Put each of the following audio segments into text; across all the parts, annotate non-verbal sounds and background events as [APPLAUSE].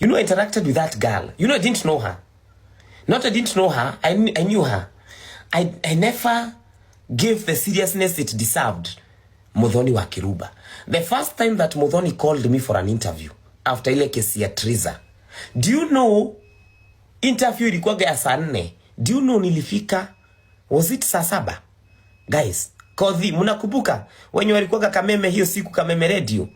You know, I interacted with that girl. You know, I didn't know her. Not I didn't know her. I, I knew her. I, I never gave the seriousness it deserved. Modoni wa Kiruba. The first time that Modoni called me for an interview after ile kesi ya Triza. Do you know interview ilikuwa ya saa nne. Do you know nilifika was it saa saba? Guys, kodhi mnakumbuka wenye walikuwa Kameme hiyo siku Kameme radio.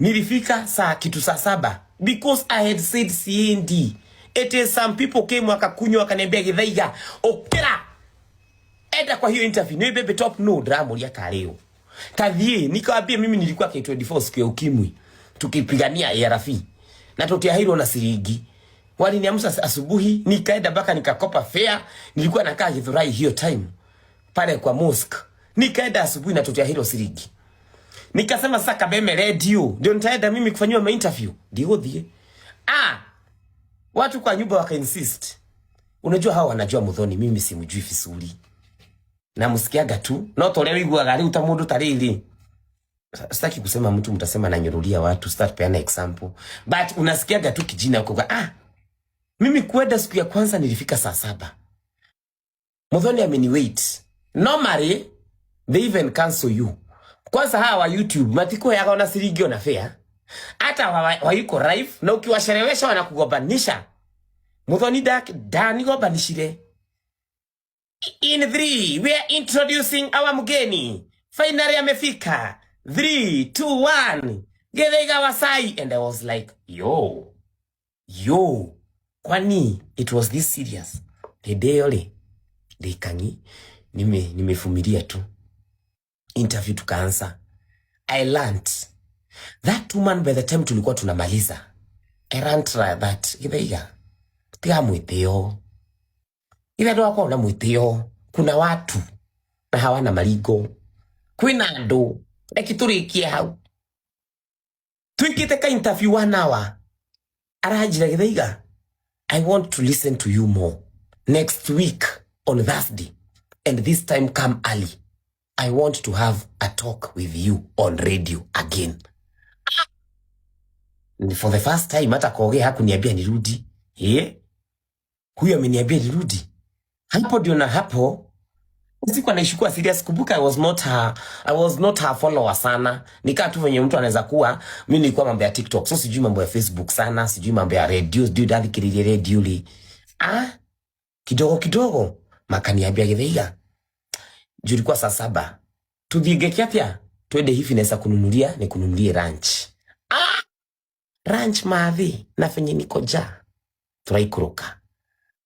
Nilifika saa kitu saa saba because I had said CND. It is some people came wakakunywa wakaniambia Githaiga okera enda kwa hiyo interview ni bebe top no drama ya kaleo kathie nikawaambia mimi nilikuwa K24 siku ya ukimwi tukipigania ARF na tutiahirwo na siringi waliniamsha asubuhi nikaenda mpaka nikakopa fare nilikuwa nakaa Githurai hiyo time pale kwa mosque nikaenda asubuhi na tutiahirwo siringi Nikasema sasa Kabeme radio ndio nitaenda mimi kufanyiwa ma interview. Ndio thie Ah. Watu kwa nyumba waka insist. Unajua hao wanajua Muthoni mimi simjui fisuri. Na msikiaga tu. Na tolewa igwa gari uta mundu tarili. Sitaki kusema mtu mtasema nanyurulia watu start peana example. But unasikiaga tu kijina kwa ah. Mimi kuenda siku ya kwanza nilifika saa saba. Muthoni wait Normally they even cancel you. Kwanza hawa wa YouTube matiko yaga ona siringi ona fair. Hata waiko wa live na ukiwasherewesha wanakugobanisha Muthoni dak dani gombanishire. In 3 we are introducing our mgeni. Finally amefika. 3 2 1. Getheiga Wasai and I was like, "Yo. Yo. Kwani it was this serious." Hede yole. Deikangi. Nime nimefumilia tu interview tukaanza. I learned that woman by the time tulikuwa tunamaliza I learned that githaiga tiga mwitio ithendu wakwa na mwitio kuna watu na hawana maringo kwina andu reki turikie hau twikite ka interview one hour aranjira githaiga I want to listen to you more next week on Thursday and this time come early I want to have a talk with you on radio again. For the first time hata Koge hakuniambia nirudi. Eh? Huyo ameniambia nirudi. Hapo ndio na hapo sikuwa naishukua serious. Kumbuka I was not her, I was not her follower sana. Nikaa tu venye mtu anaweza kuwa, mimi nilikuwa mambo ya TikTok. So sijui mambo ya Facebook sana, sijui mambo ya radio, sijui dadi kiriri radio li. Ah? Kidogo kidogo makaniambia Githaiga julikuwa saa saba tudhige kiafya twende hivi naweza kununulia ni kununulie ranch ah! ranch maadhi na venye niko ja turaikuruka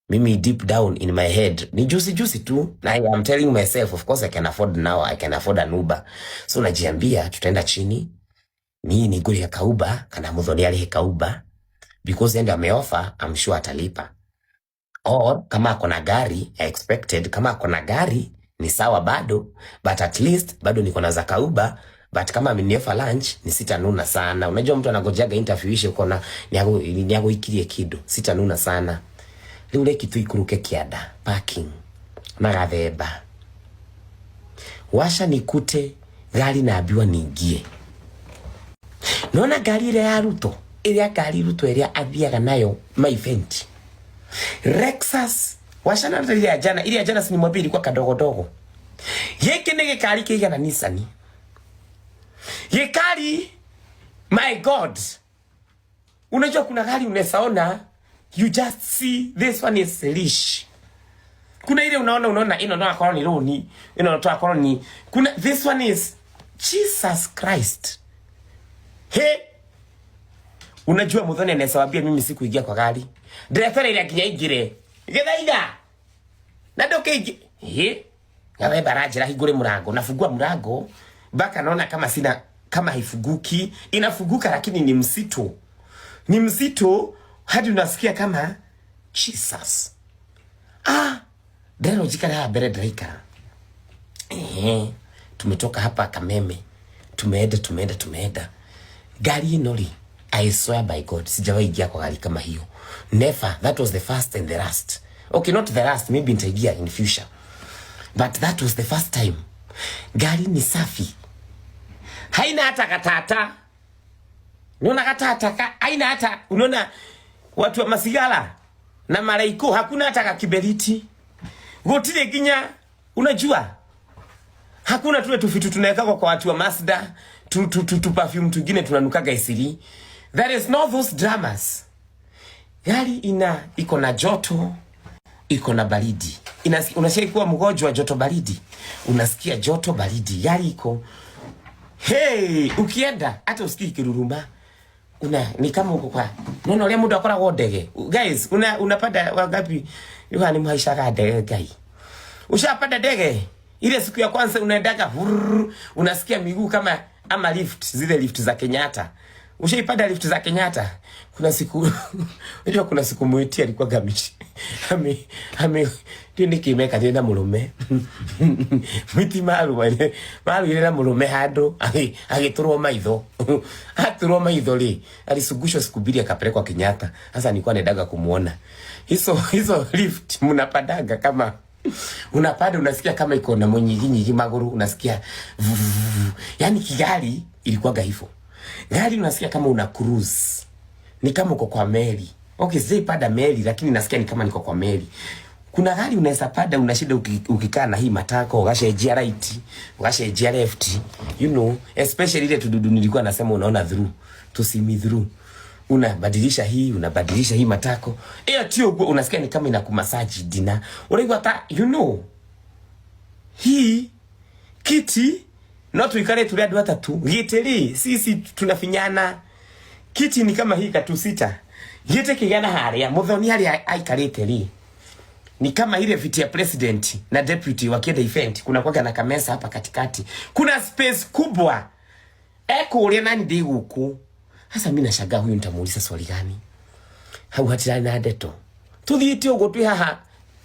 mimi deep down in my head ni juicy juicy tu na I am telling myself of course I can afford now I can afford an Uber so najiambia tutaenda chini ni guri ya kauba kana muthoni alihe kauba because endo ameofa I'm sure atalipa or kama akona gari I expected kama akona gari ni sawa bado, but at least bado niko na zakauba but kama amenifa lunch ni sitanuna sana. Unajua mtu anagojaga interview ishe uko na niago niago ikirie kido sitanuna sana liule kitu ikuruke kiada parking maratheba washa nikute gari naambiwa niingie. Naona gari ile ya Ruto ile ya gari Ruto ile athiaga nayo my event rexus wachana na ile ya jana ile ya jana si nimwambia ilikuwa kadogo dogo giki ni gikari kiigana nisani kari my god unajua kuna gari unesaona you just see this one is leash kuna ile unaona unaona ino no akorwo ni roni ino to akorwo ni kuna this one is Jesus Christ he unajua muthoni anaweza wambia mimi sikuingia kwa gari dereva ile akinya ingire githaiga na ndoke eh ngawe baraja hingure mlango nafungua mlango mpaka naona kama sina kama haifunguki inafunguka lakini ni msito ni msito hadi unasikia kama Jesus ah ndeno jikala ya mbere ndiraikara eh tumetoka hapa Kameme tumeenda tumeenda tumeenda gari ino ri I swear by God sijawahi ingia kwa gari kama hiyo Never. That was the first and the last. Okay, not the last, maybe nitaigia in future. But that was the first time. Gari ni safi. Haina hata katata. Unaona katata, haina hata unaona watu wa masigala na maraiko hakuna hata kakiberiti. Gotile ginya unajua? Hakuna tule tufitu tunaweka kwa watu wa Mazda, tu, tu, tu, tu perfume tugine tunanukaga isiri. There is no those dramas gari ina iko na joto iko na baridi, unasikia kuwa mgonjwa joto baridi, unasikia joto baridi, gari iko hey, ukienda hata usikii kiruruma una ni kama uko kwa nono ile mtu akora wodege guys, una unapanda wangapi? ni maisha ka dege gai, ushapanda dege ile siku ya kwanza unaendaga, unasikia miguu kama ama lift zile lift za Kenyatta Ushaipanda lifti za Kenyatta? Kuna siku [LAUGHS] unajua, kuna siku mwiti alikuwa gamishi ame ame tini kimeka tena mulume [LAUGHS] mwiti maru wale maru ile na mulume hado ai agiturwo maitho [LAUGHS] aturwo maitho ri alisugushwa siku mbili akapelekwa Kenyatta. Sasa nilikuwa nedaga kumuona hizo hizo lift mnapadaga kama unapanda unasikia kama iko na mwenye nyinyi maguru unasikia, vuvu, yani Kigali ilikuwa hivyo gari yaani unasikia kama una cruise. Ni kama uko kwa meli. Okay, sijai pada meli lakini nasikia ni kama niko kwa meli. Kuna gari unaweza pada una shida ukikaa na hii matako ugashe gear right, ugashe gear left. You know, especially ile tududu nilikuwa nasema unaona through. to see me through. Unabadilisha hii, unabadilisha hii matako. Eh, tio unasikia ni kama inakumasaji dina. Unaikuwa ta, you know. Hii kiti no tuikare tuli andu atatu gitiri sisi tunafinyana kiti ni kama hii katu sita gite kigana haria muthoni haria aikarite ri ni kama ile viti ya president na deputy wakienda event kuna kwaga na kamesa hapa katikati kuna space kubwa eko ekuria nani ndi huku hasa mimi nashangaa huyu nitamuuliza swali gani hau hatira na ndeto tuthiite ugo twi haha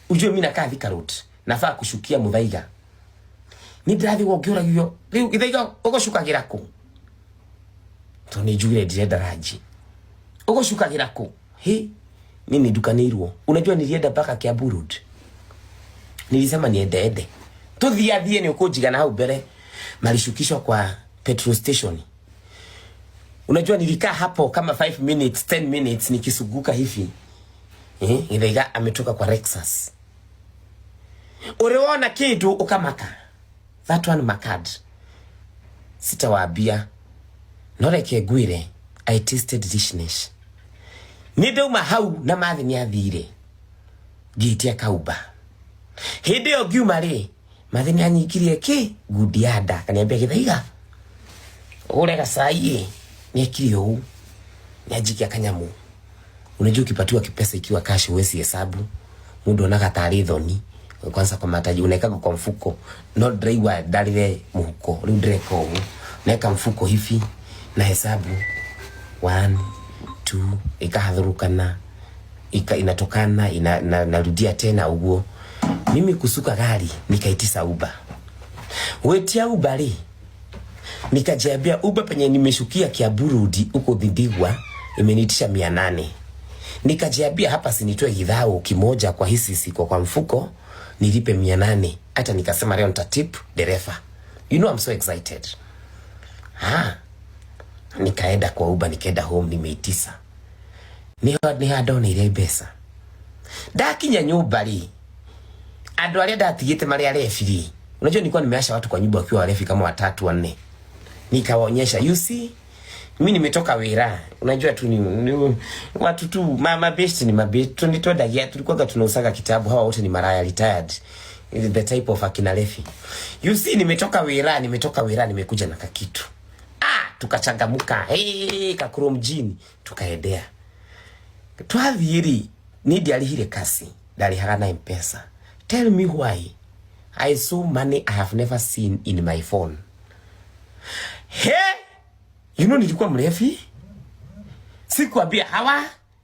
ujue mimi nakathi karot nafaa kushukia mudhaiga ni ndirathigwo ngiuragio riu ithaiga ugucukagira ku to ni njugire ndirenda ranji ugucukagira ku hi ni nidukanirwo unajua nilienda mpaka Kiambu Road nilisema niendeende tuthiathie ni ukunjigana hau mbere malishukishwa kwa petrol station unajua nilikaa hapo kama 5 minutes 10 minutes nikisuguka hivi eh, Githaiga ametoka kwa Lexus. Uliona kitu ukamaka that one makad sitawaambia noreke ngwire I tasted richness ni ndauma hau na mathi ni athire ngiitia kauba hindi yo ngiuma ri mathi ni anyikirie ki ngundi ya nda kaniambia githaiga ure gacai ni ekire uu ni anjikia kanyamu unajua ukipatiwa kipesa ikiwa kashi wesi hesabu mundu onaga tarä thoni kwanza kwa mataji nekaga kwa mfuko no driver ndarire muhuko riu ndireka uguo neka mfuko hivi na hesabu 1 2 ikahadhurukana ika inatokana ina, na, narudia tena uguo mimi kusuka gari nikaitisa uba wetia uba ri nikajiambia uba penye nimeshukia Kiaburudi huko Thindigua imenitisha 800 nikajiambia hapa sinitoe gidhao kimoja kwa hisi siko kwa mfuko nilipe mia nane hata nikasema leo ntatip dereva. You know I'm so excited. Ha. Nikaenda kwa uba nikaenda home ni mei tisa. Ni hadi Ndakinya nyumba ri. Andu aria ndatigite mari arefiri. Unajua nikuwa nimeasha watu kwa nyumba wakiwa warefi kama watatu wanne. Nikawaonyesha, you see mi nimetoka wira Unajua tu ni, ni watu tu mama best ni mabe. Tunitodagia tulikuwa tunausaga kitabu hawa wote ni maraya retired. The type of akina Lefi. You see nimetoka wira nimetoka wira nimekuja na kakitu. Ah, tukachangamuka. Hey, kakuru mjini tukaendea. Twathiri ni dialihire kasi. Dalihaga na mpesa Tell me why. I saw money I have never seen in my phone. Hey! You know nilikuwa mrefi, Sikuambia hawa,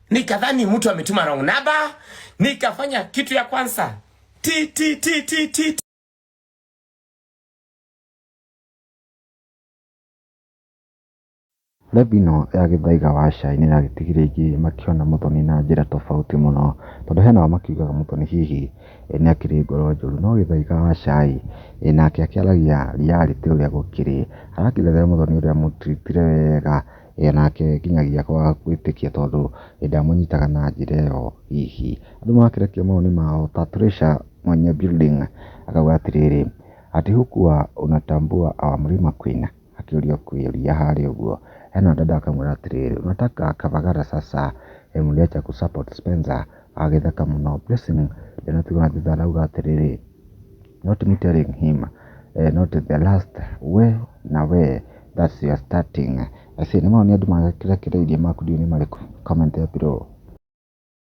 nikadhani mtu ametuma wrong number, nikafanya kitu ya kwanza. Ti ti ti ti ti. Lab ĩno ya gĩthaiga wa cai nĩĩragĩtigire aingĩ makĩona Mũthoni na njĩra tofauti mũno, tondũ hena o makiugaga Mũthoni hihi e, nĩakĩrĩ ngoro njũru, no gĩthaiga wa cai e, nake akĩaragia reality ũrĩa gũkĩrĩ, arakĩrethera Mũthoni ũrĩa amũtritire wega e, nake nginyagia kwaga gwĩtĩkia tondũ ndamũnyitaga na njĩra ĩyo hihi. Andũ magakĩrekia mawoni mao ta Tureisha mwenye building akauga atĩrĩrĩ, ati hukuwa unatambua awa kwina, akĩũria kĩũria harĩa ũguo yaani wanadada wakamurathiri unataka Kavagara sasa mliacha kusupport Spencer agetheka mũno Blessing ndĩnatigwo na thutha arauga atĩrĩrĩ not me telling him uh, not the last we na we that's your starting I say nĩ kila andũ magĩkĩrekereirie makundi-inĩ marĩkũ comment ya below